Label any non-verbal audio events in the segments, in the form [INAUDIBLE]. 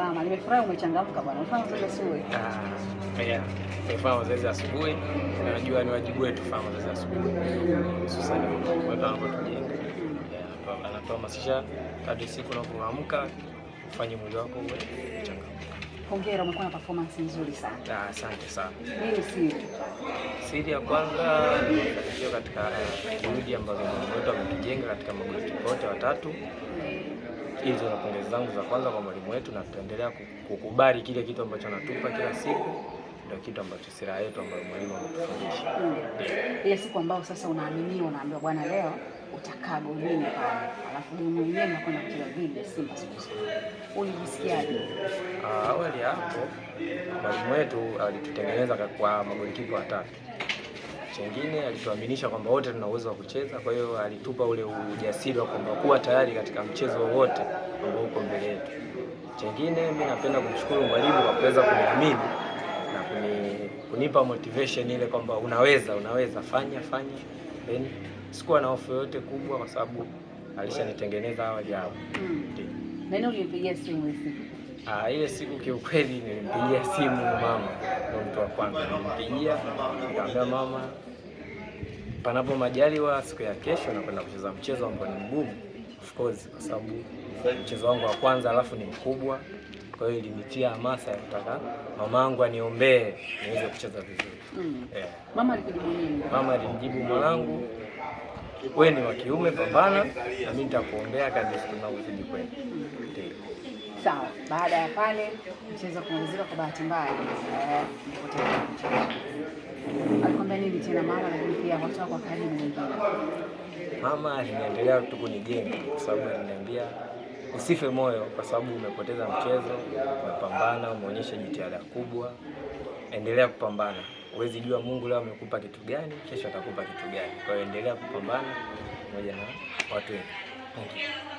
salama. Nimefurahi umechangamka bwana. Mfano mazoezi asubuhi? Ah, yeah. Nimefanya mazoezi asubuhi. Najua ni wajibu wetu kufanya mazoezi asubuhi. Hususan kwa sababu tunajenga. Yeah, anatuhamasisha kadri siku unavyoamka ufanye mwili wako uwe changamka. Hongera, umekuwa na performance nzuri sana. Ah, asante sana. Nini siri? Siri ya kwanza ndio katika juhudi ambazo Mungu wetu ametujenga katika magoti yote watatu hizo na pongezi zangu za kwanza kwa mwalimu wetu, na tutaendelea kukubali kile kitu ambacho anatupa kila siku, ndio kitu ambacho silaha yetu ambayo mwalimu ametufundisha. Mm. Ile siku ambayo sasa unaaminiwa, unaambiwa bwana, leo utakaa golini pale, alafu game mwenyewe nakwenda kucheza dhidi ya Simba Sports Club, Ah, Awali hapo mwalimu wetu alitutengeneza kwa magolikipa watatu chingine, alituaminisha kwamba wote tuna uwezo wa kucheza. Kwa hiyo alitupa ule ujasiri wa kwamba kuwa tayari katika mchezo wowote ambao uko mbele yetu. Chingine, mimi napenda kumshukuru mwalimu kwa kuweza kuniamini na kunipa motivation ile kwamba unaweza, unaweza, fanya fanya. Then sikuwa na hofu yoyote kubwa kwa sababu alishanitengeneza awali hapo. Hmm. Nani ulimpigia simu ile Ah, ile siku kiukweli nilimpigia simu mama, ndio mtu wa kwanza nilimpigia, nikamwambia mama panapo majaliwa, siku ya kesho nakwenda kucheza mchezo ambao ni mgumu of course, kwa sababu mchezo wangu wa kwanza, alafu ni mkubwa. Kwa hiyo ilinitia hamasa ya kutaka mamangu aniombee niweze kucheza vizuri mm. yeah. Mama alijibu Mama mwanangu, wewe ni wa kiume, pambana na mimi nitakuombea kadri siku kwenda. Mm. Sawa. Baada ya pale mchezo kumalizika kwa bahati mbaya eh, tena mama, lakini pia watu wako karibu wengine. Mama aliniendelea tu kunijenga kwa sababu aliniambia usife moyo kwa sababu umepoteza mchezo, umepambana, umeonyesha jitihada kubwa, endelea kupambana. Huwezi jua Mungu leo amekupa kitu gani, kesho atakupa kitu gani. Kwa hiyo endelea kupambana pamoja na watu wengi.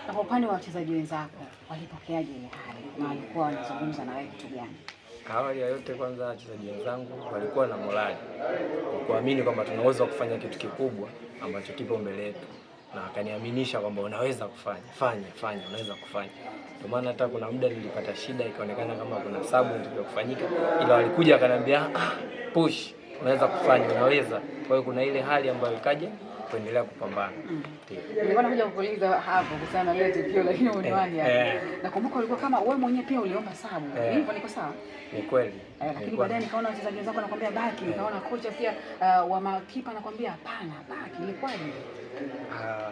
Na kwa upande wa wachezaji wenzako walipokeaje hali na walikuwa wanazungumza na wewe kitu gani? Awali ya yote kwanza, wachezaji wenzangu walikuwa na morali kwa kuamini kwamba tunaweza kufanya kitu kikubwa ambacho kipo mbele yetu, na akaniaminisha kwamba unaweza kufanya fanya fanya, unaweza kufanya. Ndio maana hata kuna muda nilipata shida, ikaonekana kama kuna sabu ndio kufanyika, ila walikuja akaniambia, ah, push, unaweza kufanya, unaweza. Kwa hiyo kuna ile hali ambayo ikaja kuendelea kupambana. Nilikuwa nakuja kukuuliza hapo kuhusiana na ile tukio lakini umewahi eh, hapa. Eh. Nakumbuka ulikuwa kama wewe mwenyewe pia uliomba sabu. Eh. Hivyo niko sawa? Ni kweli. Lakini baadaye nikaona wachezaji wenzako wanakuambia baki, nikaona kocha pia wa makipa anakuambia hapana, baki. Ni kweli? Ah,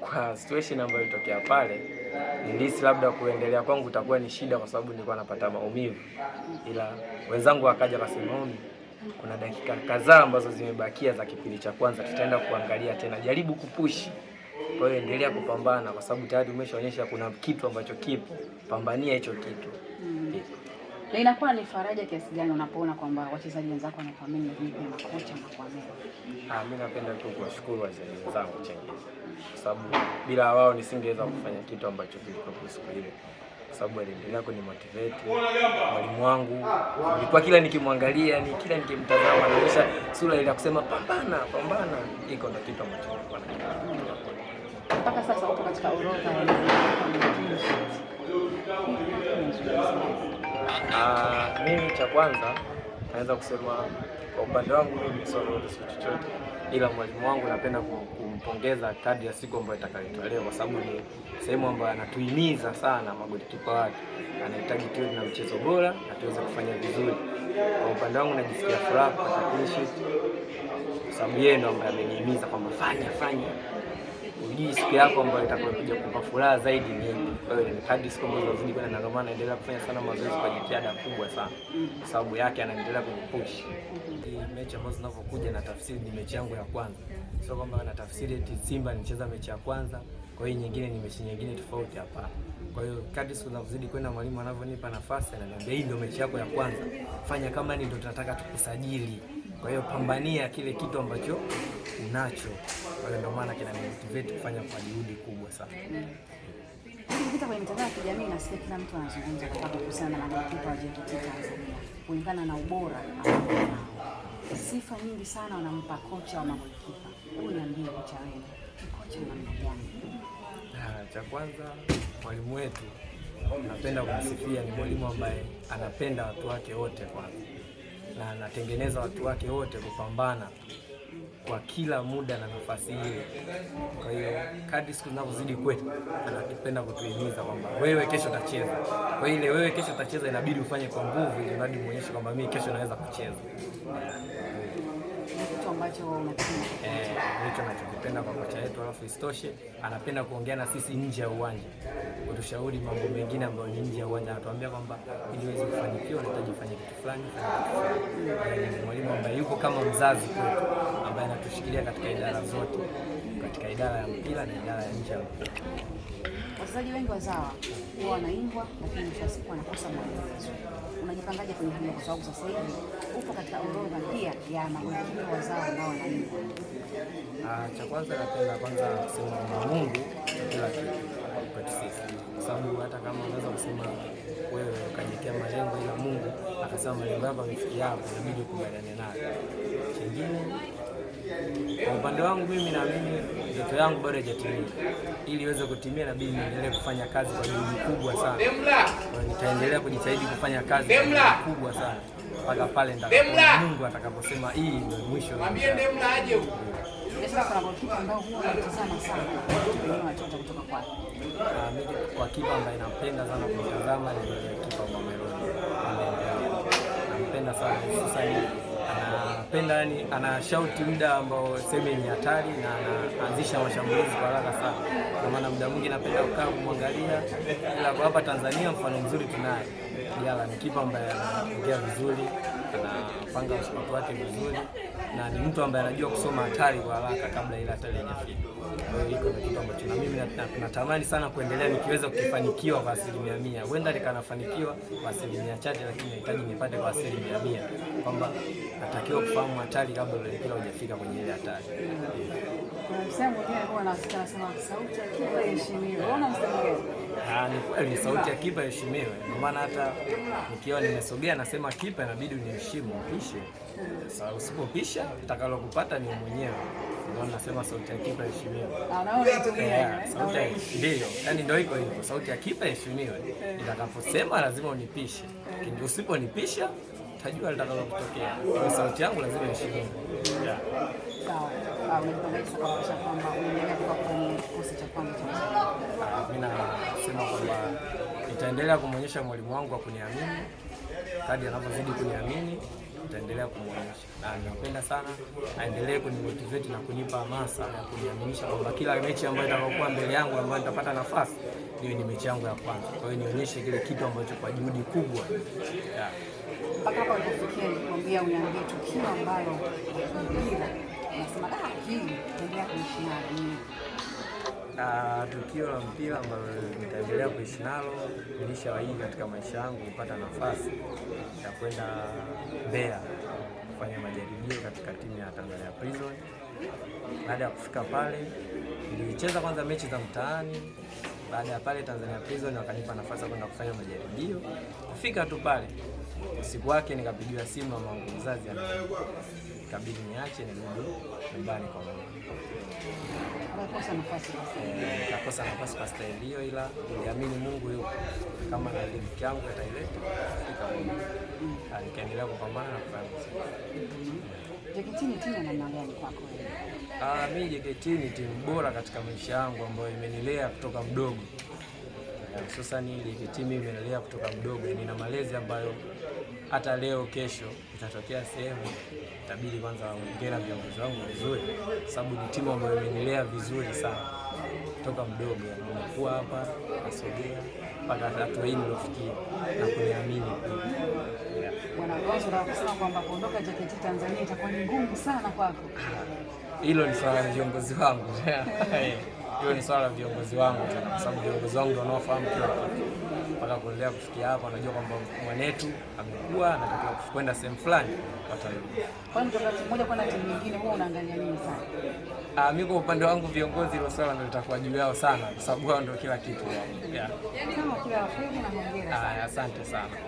kwa situation ambayo ilitokea pale, nilihisi labda kuendelea kwangu itakuwa ni shida kwa sababu nilikuwa napata maumivu, ila wenzangu wakaja wakasema kuna dakika kadhaa ambazo zimebakia za kipindi cha kwanza, tutaenda kuangalia tena. Jaribu kupushi, kwa hiyo endelea kupambana, kwa sababu tayari umeshaonyesha kuna kitu ambacho kipo. Pambania hicho kitu mm. Na inakuwa ni faraja kiasi gani unapoona kwamba wachezaji wenzako wanathamini vipi na kocha na kuamini? Ah, mimi napenda tu kuwashukuru wachezaji wenzangu Chengezi, kwa sababu bila wao nisingeweza kufanya kitu ambacho kilikuwa siku ile kwa sababu aliendelea kunimotivate. Mwalimu wangu nilikuwa kila nikimwangalia, ni kila nikimtazama anaonyesha sura ile ya kusema pambana, pambana, iko na kitu ambacho nilikuwa na mpaka sasa uko katika orodha ya ah, mimi. Cha kwanza naweza kusema kwa upande wangu mimi, sio chochote ila mwalimu wangu napenda kumpongeza kadri ya siku ambayo itakayotolewa, kwa sababu ni sehemu ambayo anatuhimiza sana magolikipa wake, anahitaji tuwe na mchezo bora na tuweze kufanya vizuri. Kwa upande wangu najisikia furaha kupata clean sheet kwa sababu yeye ndo ambaye amenihimiza kwamba fanya fanya sijui siku yako ambayo itakuja kukupa furaha zaidi ni ipi. Kwa hiyo kadri siku ambazo zinazidi kwenda, ndio maana naendelea kufanya sana mazoezi kwa jitihada kubwa sana, kwa sababu yake anaendelea kunipush. Mechi ambazo zinavyokuja na tafsiri, ni mechi yangu ya kwanza, sio kwamba na tafsiri eti Simba nicheza mechi ya kwanza, kwa hiyo nyingine ni mechi nyingine tofauti, hapa. Kwa hiyo kadri siku zinavyozidi kwenda, mwalimu anavyonipa nafasi, ananiambia hii ndio mechi yako ya kwanza, fanya kama ni ndio tunataka tukusajili, kwa hiyo pambania kile kitu ambacho unacho, kwa hiyo ndio maana kina motivate kufanya kwa juhudi kubwa sana. Ukipita kwenye mitandao ya kijamii nasikia kila mtu anazungumza kwa sababu kuhusiana na magokipa wa JKT Tanzania kulingana na ubora sifa nyingi sana wanampa kocha wa magokipa. Huyu niambie, kocha wenu kocha wa namna gani? Cha kwanza mwalimu wetu napenda kumsifia, ni mwalimu ambaye anapenda watu wake wote kwanza, na anatengeneza watu wake wote kupambana kwa kila muda na nafasi hiyo. Kwa hiyo kadri siku zinavyozidi kwetu, anatupenda kutuhimiza kwamba wewe kesho utacheza. Kwa ile wewe kesho utacheza, inabidi ufanye kwa nguvu, ili mradi muonyeshe kwamba mimi kesho naweza kucheza ambacho unakipenda eh, hicho anachokipenda kwa kocha wetu, alafu isitoshe anapenda kuongea na sisi nje ya uwanja, kutushauri mambo mengine ambayo ni nje ya uwanja. Anatuambia kwamba ili uweze kufanikiwa unahitaji kufanya kitu fulani. Eh, mwalimu ambaye yuko kama mzazi kwetu, ambaye anatushikilia katika idara zote, katika idara ya mpira na idara ya nje ya mpira. Wachezaji wengi wazawa huwa wanaimbwa, lakini mwisho wa siku wanakosa mwalimu unajipangaje kwenye hilo, kwa sababu sasa hivi upo katika orodha pia ya magonjwa wazao ambao wanaimba? Ah, cha kwanza napenda kwanza kusema kwamba Mungu kila kitu kwetu sisi, kwa sababu hata kama unaweza kusema wewe ukajiwekea malengo, ila Mungu akasema malengo yako yamefikia hapo, inabidi ukubaliane nayo. Kingine kwa upande wangu mimi naamini ndoto yangu bado haijatimia. Ili iweze kutimia, nabidi niendelee kufanya kazi kwa juhudi kubwa sana. Nitaendelea kujitahidi kufanya kazi kwa kubwa sana mpaka pale Mungu atakaposema hii ndio mwisho. Kwa kipa ambaye nampenda sana kumtazama ni kipa Mamelodi, nampenda sana sasa hivi anapenda yaani ana anashauti muda ambao seme ni hatari, na anaanzisha mashambulizi kwa haraka sana. Kwa maana muda mwingi napenda kukaa kumwangalia, ila kwa hapa Tanzania mfano mzuri tunaye Diala, ni kipa ambaye anaongea vizuri anapanga msimamo wake vizuri na ni mtu ambaye anajua kusoma hatari kwa haraka kabla ile hatari haijafika. Kwa hiyo kitu ambacho na mimi natamani sana kuendelea nikiweza kukifanikiwa kwa asilimia mia. Huenda nikanafanikiwa kwa asilimia chache, lakini nahitaji nipate kwa asilimia mia kwamba natakiwa kufahamu hatari kabla ile mpira kwenye ile hatari. Msemo pia alikuwa anasema sauti ya heshimiwa. Unaona msemo gani? Ah, ni kweli sauti ya kipa heshimiwe, ndio maana hata nikiwa nimesogea nasema kipa inabidi uniheshimu, upishe. Sasa usipopisha utakalo kupata ni mwenyewe. Ndio nasema sauti ya kipa heshimiwe. Ah, ndio, yaani ndio iko hivyo, sauti ya kipa heshimiwe. Nitakaposema lazima unipishe, lakini usiponipisha utajua litakalo kutokea. Sauti yangu lazima heshimiwe umejitahidi kuhakikisha kwamba unaendelea kuwa kwenye kikosi cha kwanza cha Mimi nasema kwamba nitaendelea kumwonyesha mwalimu wangu wa kuniamini, kadi anavyozidi kuniamini nitaendelea kumwonyesha, na ninapenda sana aendelee kunimotivate na kunipa hamasa na kuniaminisha kwamba kila mechi ambayo itakayokuwa mbele yangu ambayo nitapata nafasi hiyo ni mechi yangu ya kwanza, kwa hiyo nionyeshe kile kitu ambacho kwa juhudi kubwa mpaka hapa ulipofikia, nikwambia uniambie tukio ambalo unasema ah, endelea kuishi tukio la mpira ambalo nitaendelea kuishi nalo, nilishawahi katika maisha yangu kupata nafasi ya kwenda Mbeya kufanya majaribio katika timu ya Tanzania Prison. Baada ya kufika pale, nilicheza kwanza mechi za mtaani. Baada ya pale Tanzania Prison wakanipa nafasi ya kwenda kufanya majaribio. Kufika tu pale Usiku wake nikapigiwa simu na mama mzazi, ikabidi niache nirudi nyumbani kwa mama. Nikakosa eh, nafasi kwa staili hiyo, ila niliamini Mungu yupo, kama na riziki yangu ataileta ika, nikaendelea mm. kupambana na kufanya ah, mimi JKT ni timu bora katika maisha yangu ambayo imenilea kutoka mdogo hususani JKT mimi imenilea kutoka mdogo, nina malezi ambayo hata leo kesho itatokea sehemu itabidi kwanza waongera viongozi wangu vizuri, sababu ni timu ambayo imeendelea vizuri sana toka mdogo, nimekuwa hapa nasogea mpaka hatua hii nilofikia na kuniamini kwamba kuondoka Tanzania itakuwa ni ngumu sana kwako. Hilo ni swala la viongozi wangu [LAUGHS] hiyo ni swala la viongozi wangu tu, kwa sababu viongozi wangu ndio wanaofahamu kila kitu mpaka kuendelea kufikia hapa. anajua kwamba mwanetu amekuwa anatakiwa kwenda sehemu fulani, Ah, mimi kwa upande wangu viongozi, hilo swala ndio litakuwa juu yao sana, kwa sababu wao ndio kila kitu. Yaani asante sana.